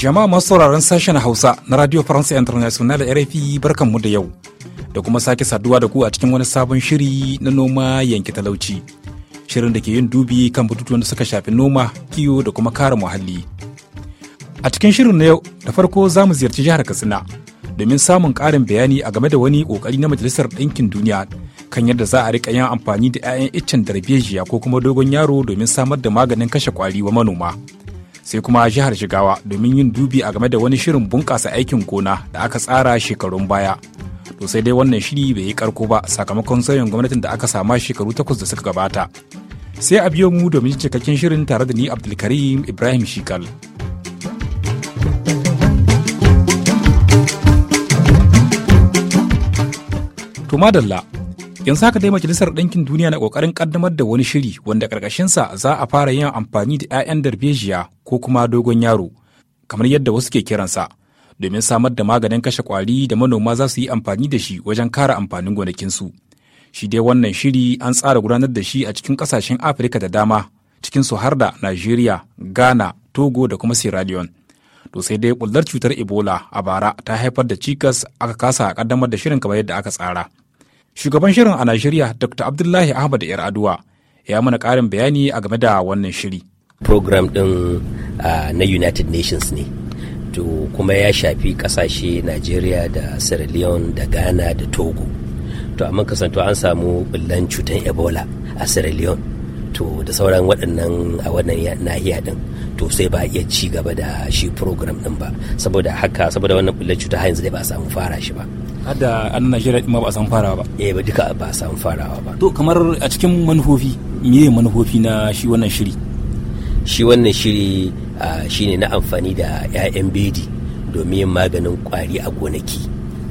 Jama'a masu sauraron sashen Hausa na Radio France International RFI barkanmu da yau da kuma sake saduwa da ku a cikin wani sabon shiri na noma yanki talauci. Shirin da ke yin dubi kan batutuwan da suka shafi noma, kiwo da kuma kare muhalli. A cikin shirin na yau da farko za mu ziyarci jihar Katsina domin samun ƙarin bayani a game da wani ƙoƙari na Majalisar Ɗinkin Duniya kan yadda za a riƙa yin amfani da 'ya'yan iccen darbejiya ko kuma dogon yaro domin samar da maganin kashe ƙwari wa manoma. sai kuma jihar shigawa domin yin dubi a game da wani shirin bunƙasa aikin gona da aka tsara shekarun baya. To sai dai wannan shiri bai yi karko ba sakamakon sauyin gwamnatin da aka sama shekaru takwas da suka gabata. Sai a biyo mu domin cikakken shirin tare da ni Abdulkarim Ibrahim Shikal. To madalla yanzu haka dai majalisar ɗinkin duniya na ƙoƙarin ƙaddamar da wani shiri wanda ƙarƙashinsa za a fara yin amfani da 'ya'yan darbejiya ko kuma dogon yaro kamar yadda wasu ke kiransa domin samar da maganin kashe ƙwari da manoma za su yi amfani da shi wajen kare amfanin gonakinsu shi dai wannan shiri an tsara gudanar da shi a cikin ƙasashen afirka da dama cikin su har da najeriya ghana togo da kuma sierra leone to sai dai kullar cutar ebola a bara ta haifar da cikas aka kasa a kaddamar da shirin kamar yadda aka tsara Shugaban shirin a Najeriya Dr. Abdullahi Ahmad 'yar aduwa ya mana ƙarin bayani a game da wannan shiri. Program ɗin uh, na United Nations ne. To kuma ya shafi ƙasashe Najeriya da Sierra Leone da Ghana da Togo. To amma kasanto an samu ɓullan cutar Ebola a Sierra Leone. to da sauran waɗannan a wannan nahiya ɗin to sai ba iya ci gaba da shi program ɗin ba saboda haka saboda wannan ɓullan cuta har yanzu dai ba a samu fara shi ba hada an Najeriya ma ba a san farawa ba eh ba duka ba a san farawa ba to kamar a cikin manufofi meye manufofi na shi wannan shiri shi wannan shiri shine na amfani da 'ya'yan bedi domin maganin kwari a gonaki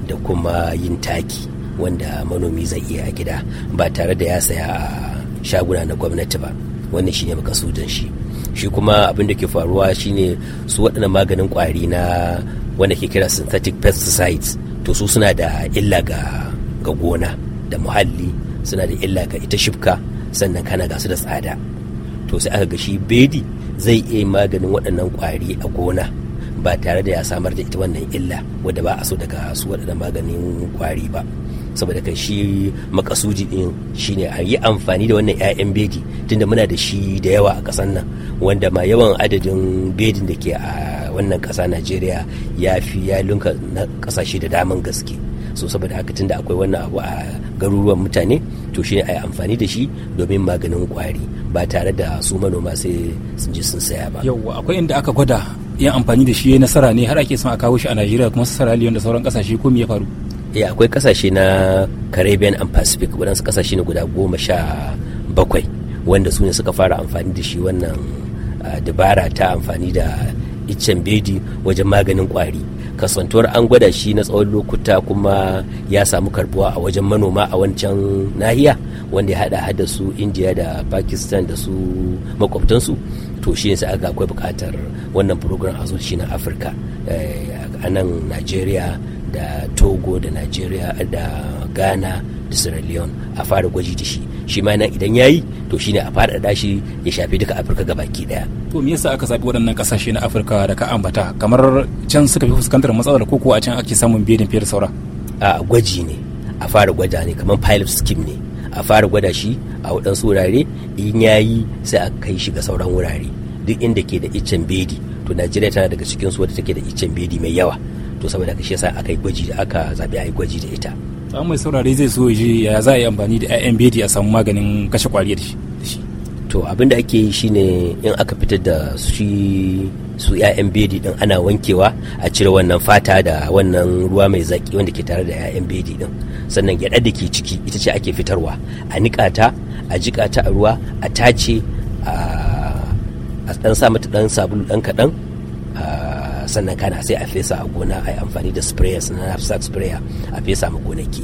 da kuma yin taki wanda manomi zai iya gida ba tare da ya saya a shaguna na gwamnati ba wannan shine makasudin shi shi kuma abin da ke faruwa shine su waɗannan maganin kwari na wanda ke kira synthetic pesticides to su suna da illa ga ga gona da muhalli suna da illa ga ita shifka sannan kana gasu da tsada to sai aka gashi shi bedi zai iya maganin waɗannan ƙwari a gona ba tare da ya samar da ita wannan illa wadda ba a so daga su waɗannan maganin ƙwari ba saboda kan shi makasuji din shine a yi amfani da wannan 'ya'yan bedi tunda muna da shi da yawa a ƙasar nan wanda ma yawan adadin bedin da ke a wannan ƙasa najeriya ya fi ya lunka na ƙasashe da daman gaske so saboda haka tunda akwai wannan abu a garuruwan mutane to shine a yi amfani da shi domin maganin kwari ba tare da su manoma sai sun je sun saya ba yauwa akwai inda aka gwada yin amfani da shi ya nasara ne har ake son a kawo shi a najeriya kuma sarali da sauran kasashe ko me ya faru ya eh, akwai kasashe na caribbean and pacific waɗansu kasashe ne guda goma sha bakwai wanda su ne suka fara amfani da shi wannan ah, dabara ta amfani da iccen bedi wajen maganin kwari kasantuwar an gwada shi na tsawon lokuta kuma ya samu karbuwa a wajen manoma a wancan nahiya wanda ya hada hada su indiya da pakistan da su makwabtansu to shi ne akwai bukatar wannan program a shi na afirka eh, a nan najeriya da togo da nigeria da ghana da sierra leone a fara gwaji da shi shi ma nan idan yayi to shi ne a faɗaɗa shi ya shafi duka afirka gabaki daya to me yasa aka zaɓi waɗannan ƙasashe na afirka da ka ambata kamar can suka fi fuskantar matsalar ko kuwa a can ake samun bedin fiye da saura a gwaji ne a fara gwada ne kamar pilot scheme ne a fara gwada shi a waɗansu wurare in yayi sai a kai shi ga sauran wurare duk inda ke da iccen bedi to najeriya tana daga cikin su wadda take da iccen bedi mai yawa to saboda haka shi yasa aka yi gwaji da aka zabi a yi gwaji da ita ta mai saurare zai so shi ya za a yi amfani da ƴaƴan bedi a samu maganin kashe kwari da shi to abin da ake yi shine in aka fitar da shi su ƴaƴan bedi din ana wankewa a cire wannan fata da wannan ruwa mai zaki wanda ke tare da ƴaƴan bedi din sannan gyaɗa da ke ciki ita ce ake fitarwa a niƙa ta a jiƙa ta a ruwa a tace a ɗan sa mata ɗan sabulu ɗan kaɗan sannan kana sai a fesa a gona a yi amfani da sprayers na knapsack sprayer a fesa ma gonaki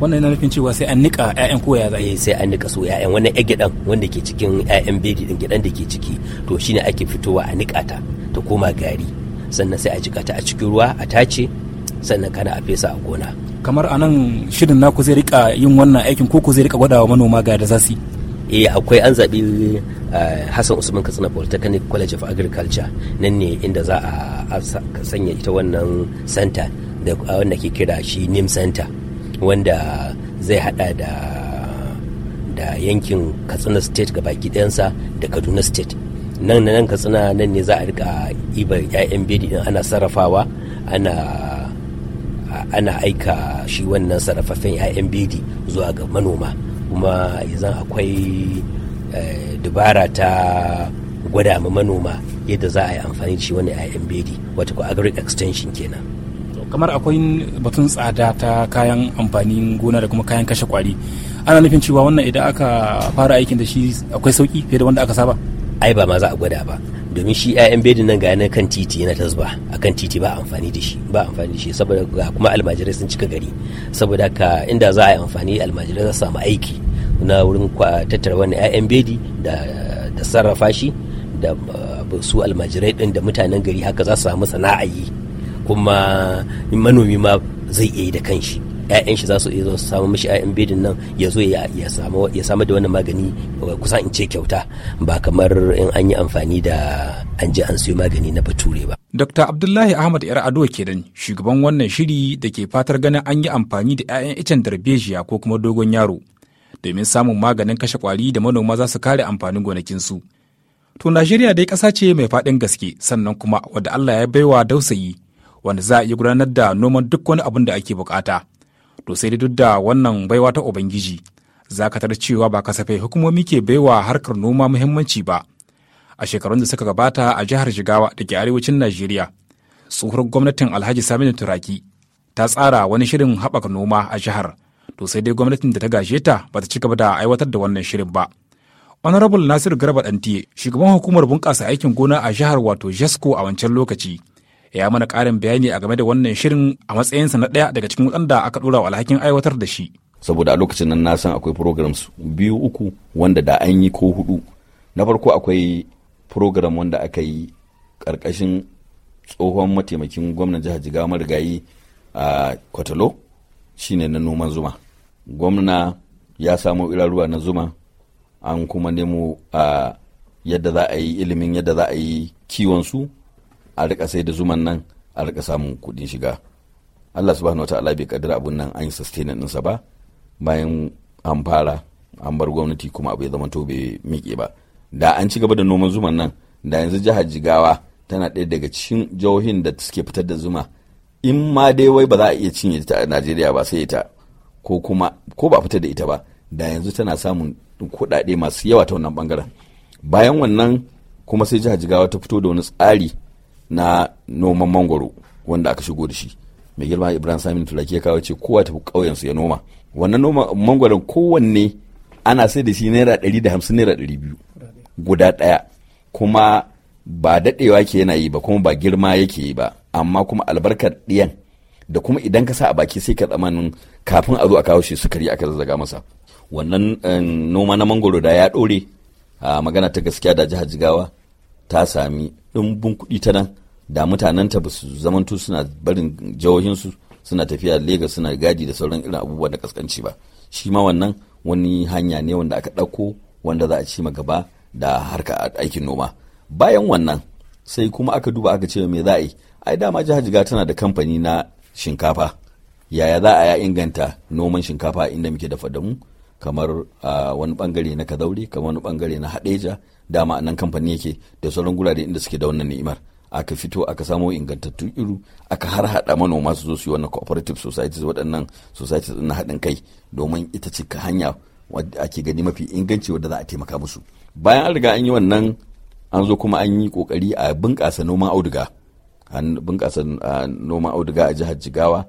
wannan yana nufin cewa sai an nika ƴaƴan koya za a eh, sai an nika su ƴaƴan wannan ya gidan wanda ke cikin ƴaƴan bedi din gidan da ke ciki to shine ake fitowa a nika ta ta koma gari sannan sai a jika ta a cikin ruwa a tace sannan kana a fesa a gona kamar anan shirin naku zai rika yin wannan aikin ko ku zai rika gwadawa manoma ga da za yi eh akwai an zaɓi eh, hassan usman katsina polytechnic college of agriculture nan ne inda za a sanya ita wannan center da wanda ke kira shi nim center wanda zai hada da da yankin katsina state baki ɗayansa da kaduna state nan nan katsina nan ne za a rika ibar 'ya'yan bedi ana sarrafawa ana ana aika shi wannan sarrafaffen 'ya'yan bidi zuwa ga manoma kuma yanzu akwai eh, dubara ta gwada ma manoma yadda za a yi amfani da shi wani yayan bedi wata ko agric extension kenan kamar akwai batun tsada ta kayan amfanin gona da kuma kayan kashe kwari ana nufin cewa wannan idan aka fara aikin da shi akwai sauki fiye da wanda aka saba ai ba ma za a gwada ba domin shi yayan bedin nan ga nan kan titi yana ta zuba kan titi ba amfani da shi ba amfani da shi saboda kuma almajirai sun cika gari saboda ka inda za a yi amfani almajirai za su samu aiki na wurin tattara wani 'ya'yan bedi da sarrafa shi da uh, su almajirai ɗin da mutanen gari haka za su samu sana'a yi kuma manomi ma zai iya yi da kanshi ‘ya'yan shi za su iya samu mishi ‘ya'yan bedin nan ya zo ya samu da wani magani uh, kusan in ce kyauta ba kamar in an yi amfani da an je an siyo magani na bature ba. Dr. Abdullahi Ahmad ‘yar Ado kenan shugaban wannan shiri da ke fatar ganin an yi amfani da ‘ya'yan icen darbejiya ko kuma dogon yaro domin samun maganin kashe kwari da manoma za su kare amfanin gonakinsu. To Najeriya dai ƙasa ce mai faɗin gaske sannan kuma wadda Allah ya baiwa dausayi wanda za a iya gudanar da noman duk wani abin da ake bukata. To sai dai duk da wannan baiwa ta Ubangiji za ka tar cewa ba kasafai hukumomi ke baiwa harkar noma muhimmanci ba. A shekarun da suka gabata a jihar Jigawa da ke arewacin Najeriya, tsohuwar gwamnatin Alhaji Saminu Turaki ta tsara wani shirin haɓaka noma a jihar to sai dai gwamnatin da ta gashe ta ba ta ci gaba da aiwatar da wannan shirin ba honorable nasiru garba dantiye shugaban hukumar bunƙasa aikin gona a jihar wato jesco a wancan lokaci ya mana ƙarin bayani a game da wannan shirin a matsayinsa na ɗaya daga cikin waɗanda aka ɗora wa alhakin aiwatar da shi saboda a lokacin nan na san akwai programs biyu uku wanda da an yi ko hudu na farko akwai program wanda aka yi karkashin tsohon mataimakin gwamnan jihar jigawa marigayi a ah, kwatalo shine na noman zuma gwamna ya samo iraruwa na zuma an kuma nemo a yadda za a yi ilimin yadda za a yi kiwonsu a rika sai da zuman nan a rika samun kuɗin shiga allah subhanahu wata'ala bai kadira abun nan an yi sustaining ɗinsa ba bayan an fara an bar gwamnati kuma abu ya zama to bai miƙe ba da an ci gaba da noman zuman nan da yanzu jihar jigawa tana ɗaya daga cikin jihohin da suke fitar da zuma in ma dai wai ba za a iya cinye ta a najeriya ba sai ita ko kuma ko ba fita da ita ba da yanzu tana samun kuɗaɗe masu yawa ta wannan bangaren bayan wannan kuma sai jihar jigawa ta fito da wani tsari na noman mangwaro wanda aka shigo da shi mai girma ibrahim samin tulake kawo ce kowa tafi ƙauyensu ya noma wannan noma mangwaron kowanne ana sai da shi naira ɗari da hamsin naira ɗari biyu guda ɗaya kuma ba daɗewa ke yana yi ba kuma ba girma yake yi ba amma kuma albarkar ɗiyan da kuma idan ka sa a baki sai ka tsamanin kafin a zo a kawo shi sukari aka zazzaga masa wannan eh, noma na mangoro da ya ɗore a magana ta gaskiya da jihar jigawa ta sami ɗumbin kuɗi ta nan da mutanenta ba su zamanto suna barin jihohinsu suna tafiya Legas suna gadi da sauran irin abubuwa da kaskanci ba shi ma wannan wani hanya ne wanda aka ɗauko wanda za a ci gaba da harka aikin noma bayan wannan sai kuma aka duba aka ce me za a yi ai dama jihar Jigawa tana da kamfani na shinkafa yaya za a ya inganta noman shinkafa inda muke da fadamu kamar a wani bangare na kazaure kamar wani bangare na hadeja dama nan kamfani yake da sauran gurare inda suke da wannan ni'imar aka fito aka samo ingantattun iru aka har hada manoma su zo su yi wannan cooperative societies waɗannan societies na haɗin kai domin ita ce hanya wadda ake gani mafi inganci wadda za a taimaka musu bayan an riga an yi wannan an zo kuma an yi kokari a bunƙasa noman auduga an bunƙasa noman auduga a jihar jigawa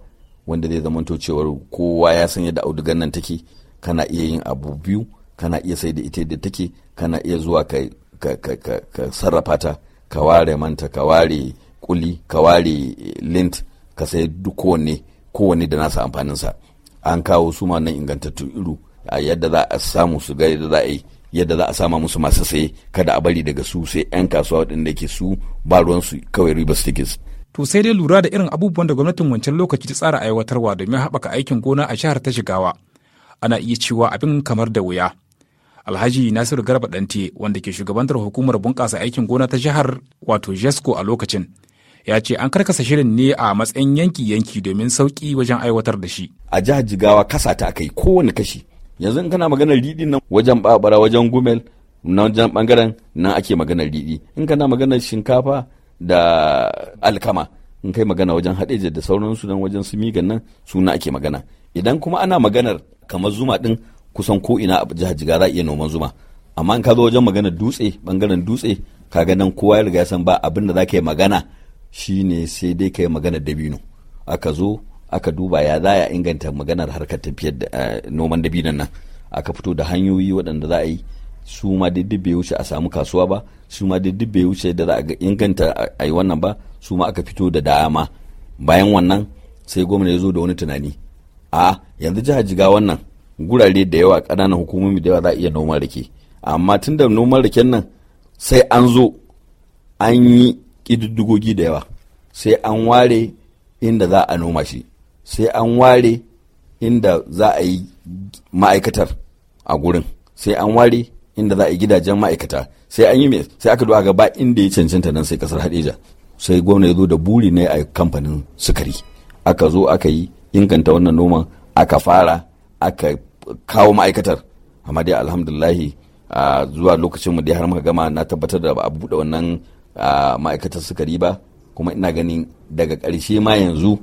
wanda zai zamanto cewar kowa ya san yadda audugan nan take kana iya yin abu biyu kana iya sai da ita da take kana iya zuwa ka, sarrafa ta ka ware manta ka ware kuli ka ware lint ka sai duk kowanne kowanne da nasa amfaninsa an kawo su ma nan ingantattun iru a yadda za a samu su ga yadda za a yi yadda za a sama musu masu saye kada a bari daga su sai 'yan kasuwa waɗanda ke su ba ruwansu kawai riba tickets. To sai dai lura da irin abubuwan da gwamnatin wancan lokaci ta tsara aiwatarwa domin haɓaka aikin gona a shahar ta shigawa. Ana iya cewa abin kamar da wuya. Alhaji Nasiru Garba Dante wanda ke shugabantar hukumar bunƙasa aikin gona ta jihar wato Jesco a lokacin. ya ce an karkasa shirin ne a matsayin yanki-yanki domin sauƙi wajen aiwatar da shi. A jihar Jigawa kasa ta kai kowane kashi yanzu in kana maganar riɗi nan wajen babara wajen gumel na wajen bangaren nan ake maganar riɗi in kana maganar shinkafa da alkama in kai magana wajen haɗeja da sauransu nan wajen su migan nan suna ake magana idan kuma ana maganar kamar zuma ɗin kusan ko ina a jihar jiga za a iya noman zuma amma in ka zo wajen maganar dutse bangaren dutse ka ga nan kowa ya riga ya san ba abin da za ka yi magana shine sai dai ka yi magana dabino aka zo aka duba ya za a inganta maganar harkar tafiyar da eh, noman dabinan nan aka fito da hanyoyi waɗanda za a yi su ma duk bai wuce a samu kasuwa ba su ma duk bai wuce da za a inganta a yi wannan ba su ma aka fito da dama bayan wannan sai gwamna ya zo da wani tunani a yanzu jihar jiga wannan gurare da yawa ƙananan hukumomi da yawa za a iya noman rake amma tun da noman raken nan sai an zo an yi ƙididdigogi da yawa sai an ware inda za a noma shi sai an ware inda za a yi ma'aikatar a gurin sai an ware inda za a yi gidajen ma'aikata sai an yi mai sai aka duwa gaba inda ya cancanta nan sai kasar hadeja sai gwamna ya zo da buri ne a kamfanin sukari aka zo aka yi inganta wannan noman aka fara aka kawo ma'aikatar amma dai alhamdulahi zuwa lokacin mu dai har muka gama na tabbatar da ba a buɗe wannan ma'aikatar sukari ba kuma ina ganin daga ƙarshe ma yanzu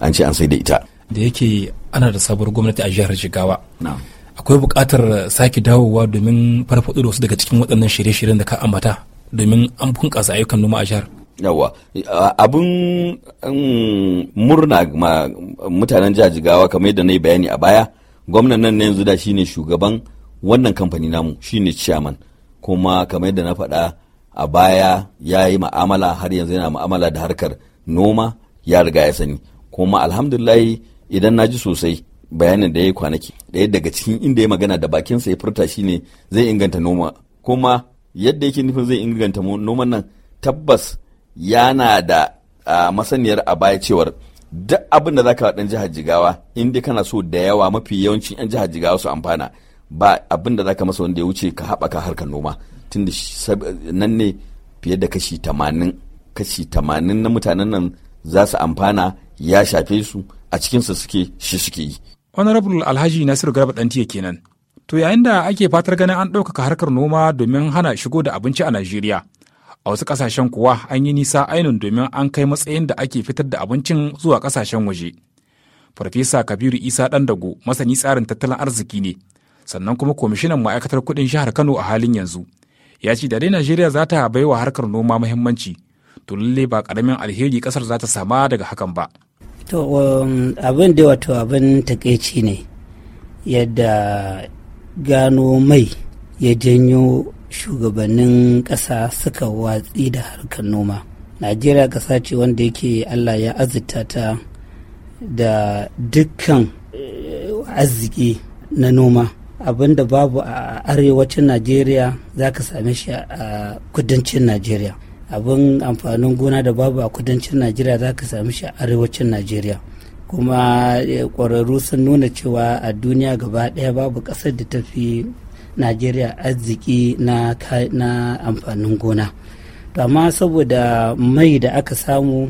an ce an sai da ita da yake ana da sabuwar gwamnati a jihar jigawa akwai buƙatar sake dawowa domin farfaɗo da wasu daga cikin waɗannan shirye-shiryen da ka ambata domin an bunƙasa ayyukan noma a jihar yawa abin um, murna mutanen jihar jigawa kamar yadda na yi bayani a baya gwamnan nan na yanzu da shine shugaban wannan kamfani namu shine chairman kuma kamar yadda na faɗa a baya ya yi ma'amala har yanzu yana ma'amala da harkar noma ya riga ya sani kuma alhamdulillah idan na ji sosai bayanin da ya yi kwanaki daya daga cikin inda ya magana da bakinsa ya furta shine zai inganta noma kuma yadda yake nufin zai inganta noman nan tabbas yana da masaniyar a baya cewar duk abin da zaka dan jihar jigawa inda kana so da yawa mafi yawancin yan jihar jigawa su amfana ba abin da zaka masa wanda ya wuce ka haɓaka harkar noma tunda nan ne fiye da kashi tamanin kashi tamanin na mutanen nan za su amfana ya shafe su a cikinsa suke shi suke yi. honorable alhaji nasiru garba ɗantiya kenan to yayin da ake fatar ganin an ɗaukaka harkar noma domin hana shigo da abinci a najeriya a wasu ƙasashen kuwa an yi nisa ainun domin an kai matsayin da ake fitar da abincin zuwa ƙasashen waje farfesa kabiru isa dago masani tsarin tattalin arziki ne sannan kuma kwamishinan ma'aikatar kuɗin jihar kano a halin yanzu ya ce da dai najeriya za ta wa harkar noma muhimmanci to lalle ba ƙaramin alheri ƙasar za ta sama daga hakan ba to um, abin da wato abin takaici ne yadda gano mai ya janyo shugabannin ƙasa suka watsi da harkar noma najeriya ƙasa ce wanda yake allah ya azita ta da dukkan eh, arziki na noma abin da babu a arewacin najeriya za ka same shi a kudancin najeriya abin amfanin gona da babu a kudancin najeriya za ka sami shi a arewacin najeriya kuma eh, ƙwararru sun nuna cewa a duniya gaba ɗaya babu ƙasar da ta fi najeriya arziki na, amfanin gona amma saboda mai da aka samu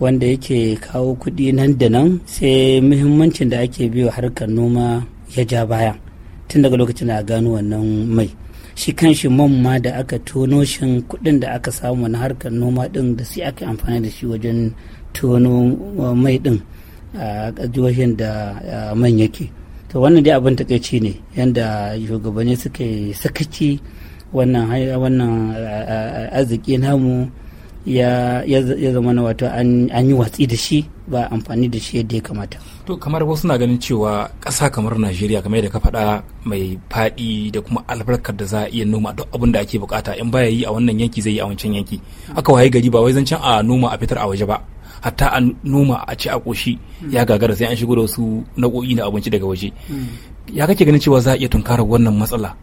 wanda yake kawo kuɗi nan da nan sai muhimmancin da ake biyo harkar noma ya ja baya tun daga lokacin da a gano wannan mai shi kan shi man ma da aka tono shin kuɗin da aka samu na harkar noma ɗin da sai aka amfani da shi wajen tono uh, mai ɗin uh, a jihohin da uh, man yake to wannan dai abin takaici ne yadda shugabanni suka yi sakaci wannan wannan arziki namu ya zama na wato an yi watsi da shi ba amfani da shi yadda ya kamata to kamar wasu na ganin cewa ƙasa kamar najeriya kamar yadda ka faɗa mai faɗi da kuma albarkar da za a iya noma duk abin da ake bukata in baya yi a wannan yanki zai yi a wancan yanki aka waye gari ba wai zancen a noma a fitar a waje ba hatta a noma a ci a koshi. ya gagara sai an shigo da wasu nau'o'i na abinci daga waje ya kake ganin cewa za a iya tunkara wannan matsala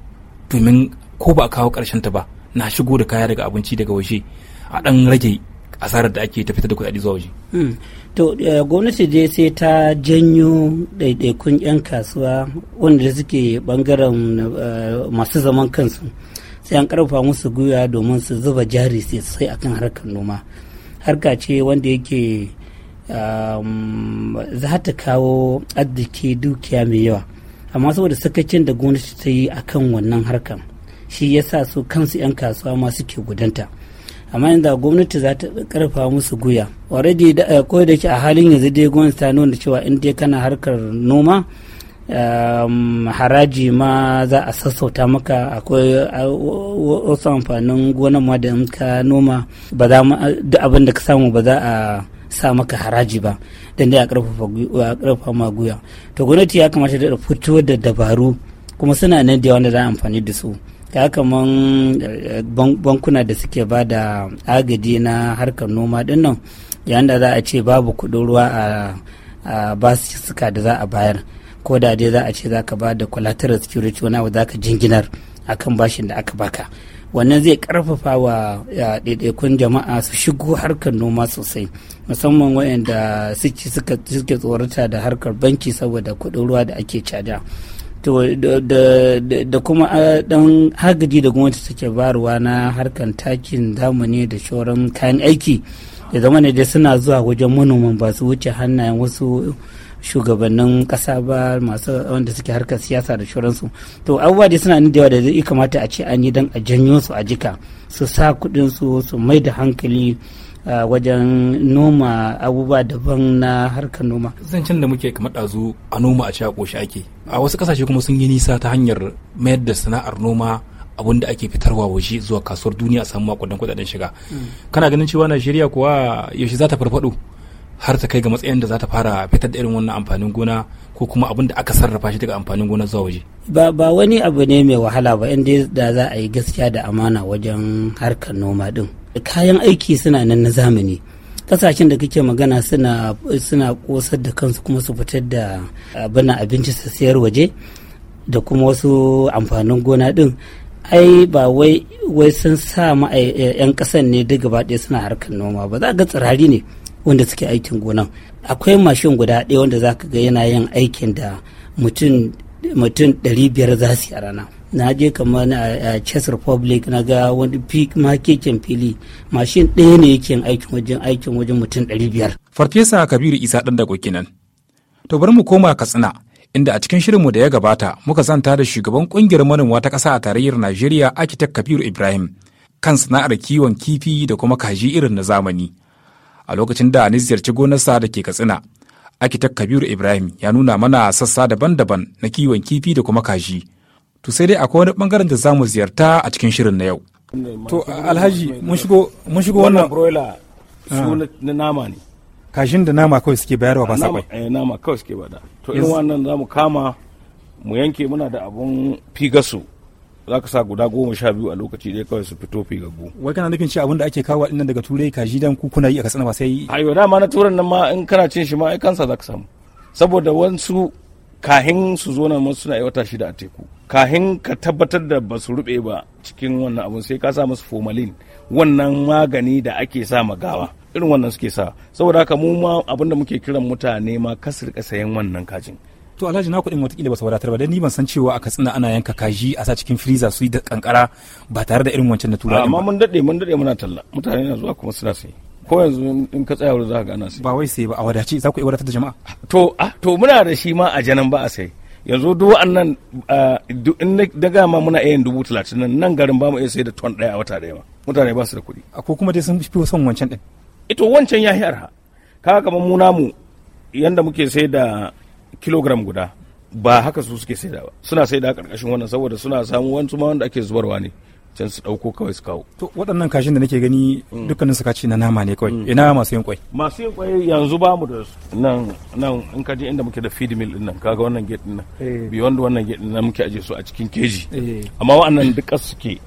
domin ko ba a kawo karshen ta ba na shigo da kaya daga abinci daga waje a dan rage asarar da ake ta da kuɗaɗe zuwa waje. Hmm. to eh, gwamnati dai sai ta janyo ɗaiɗaikun 'yan kasuwa wanda suke bangaren eh, masu zaman kansu sai an karfafa musu gwiwa domin su zuba jari sai akan harkar noma harka ce wanda yake um, za ta kawo arziki dukiya mai yawa amma saboda sakacin da gwamnati ta yi akan wannan harkar shi yasa su kansu 'yan kasuwa ma suke gudanta. amma inda gwamnati za ta karfa musu guya already eh, ko da ke a halin yanzu dai gwamnati ta nuna cewa in dai kana harkar noma um, haraji ma za a sassauta maka akwai wasu amfanin gonan ma da in ka noma ba za duk abin da ka samu ba za a sa maka haraji ba dan dai a karfafa ma guya to gwamnati ya kamata da fito da dabaru kuma suna nan da wanda za a amfani da su ya kaman eh, bankuna da suke ba da agaji na harkar noma dinnan yayin da za a ce babu kuɗin ruwa a suka da za a bayar ko da dai za a ce za ka ba da collateral security wani abu za ka jinginar akan bashin da aka baka wannan zai karfafa wa ɗaiɗaikun jama'a su shigo harkar noma sosai musamman waɗanda suke tsorata da harkar banki saboda kuɗin ruwa da ake caja da kuma dan hagaji da gwamnati take barwa na harkan takin zamani da shoran kayan aiki da zama ne dai suna zuwa wajen manoman ba su wuce hannayen wasu shugabannin kasa ba masu wanda suke harkar siyasa da shoransu to abubuwa dai suna da yawa da zai kamata a ce an yi dan a janyo su a jika su sa kudin su su mai da hankali wajen noma abubuwa daban na harkar noma zancen da muke kamar ɗazu a noma a ci a ƙoshi ake a wasu ƙasashe kuma sun yi nisa ta hanyar mayar da sana'ar noma abun da ake fitarwa waje zuwa kasuwar duniya a samu makudan kuɗaɗen shiga mm. kana ganin cewa najeriya kuwa yaushe za ta farfaɗo har ta kai ga matsayin da za ta fara fitar da irin wannan amfanin gona ko kuma abin da aka sarrafa shi daga amfanin gona zuwa waje ba wani abu ne mai wahala ba inda da za a yi gaskiya da amana wajen harkar noma din kayan aiki suna nan na zamani kasashen da kake magana suna suna kosar da kansu kuma su fitar da abin abinci su sayar waje da kuma wasu amfanin gona din ai ba wai sun sa ma 'yan eh, eh, kasan ne duk gaba ɗaya suna harkar noma ba za ga tsirari ne wanda suke aikin gonan akwai mashin guda ɗaya wanda za ka ga yana yin aikin da mutum mutum biyar za su yi a rana na je kamar a chess republic na ga wani makekin fili mashin ɗaya ne yake aikin wajen aikin wajen mutum 500 farfesa kabiru isa ɗan da nan to bari mu koma katsina inda a cikin shirinmu da ya gabata muka zanta da shugaban ƙungiyar manoma ta ƙasa a tarayyar najeriya architect kabiru ibrahim kan sana'ar kiwon kifi da kuma kaji irin na zamani a lokacin da ni ziyarci gonarsa da ke katsina akitek kabiru ibrahim ya nuna mana sassa daban-daban na kiwon kifi da kuma kaji to sai dai akwai wani bangaren da zamu ziyarta a cikin shirin na yau to alhaji mun shigo wannan broiler su ah. na nama ne kashin da nama kawai suke bayarwa ba sabai eh nama kawai suke bada to irin wannan zamu kama mu yanke muna da abun figasu za ka sa guda goma sha biyu a lokaci dai kawai su fito figaggu. Wai kana nufin ci abin da ake kawo dinnan daga turai kaji dan ku yi a kasana ba sai. Ayo dama na turan nan ma in kana cin shi ma ai kansa za ka samu. Saboda wasu kahin su zo nan suna aiwata wata shida a teku. kahin ka tabbatar da ba su rube ba cikin wannan abun sai ka sa musu formalin wannan magani da ake sa magawa irin wannan suke sa saboda haka mu ma abin da muke kiran mutane ma kasir sayan wannan kajin to alhaji na kuɗin watakila ba su wadatar ba dan ni ban san cewa a katsina ana yanka kaji a sa cikin freezer su yi da kankara ba tare da irin wancan na tura amma mun dade mun dade muna talla mutane na zuwa kuma suna sai. ko yanzu in ka tsaya wurin za ka ga ana ba wai sai ba a wadace za ku iya wadatar da jama'a to a ah, to muna da shi ma a janan ba a sai. yanzu duk wa'annan in da gama muna iya yin dubu talatin nan nan garin ba mu iya sai da ton ɗaya a wata ɗaya ba mutane ba su da kuɗi. ko kuma dai sun fi son wancan ɗin. ito wancan ya yi arha kaga kamar mu namu yanda muke sai da kilogram guda ba haka su suke sai ba suna sai da ƙarƙashin wannan saboda suna samu wani ma wanda ake zubarwa ne. can su ɗauko kawai su kawo. To waɗannan kashin da nake gani mm. dukkanin su kaci na nama ne kawai mm. ina masu yin kwai. Masu yin kwai yanzu ba mu da su nan nan in ka je inda muke da feed mill ɗin nan kaga wannan gate din nan eh. beyond wannan gate din nan muke aje su a cikin keji eh. amma waɗannan duk suke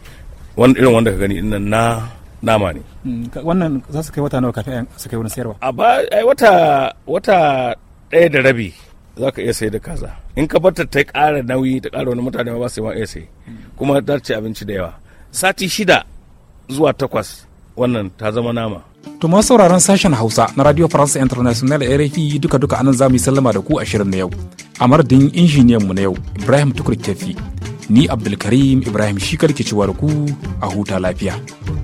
wani irin wanda ka gani nan na nama ne. Mm, wannan za su kai wata nawa kafin su kai wani sayarwa? A ba wata wata ɗaya da rabi za ka iya sai da kaza in ka bar ta ta ƙara nauyi ta ƙara wani mutane ba su ma iya sai kuma ta ci abinci da yawa sati shida zuwa takwas wannan ta zama nama to masu sauraron sashen hausa na radio france international rfi duka duka anan zamu yi sallama da ku ashirin na yau a injiniyan mu na yau ibrahim tukur kefi ni abdulkarim ibrahim shi ke cewa ku a huta lafiya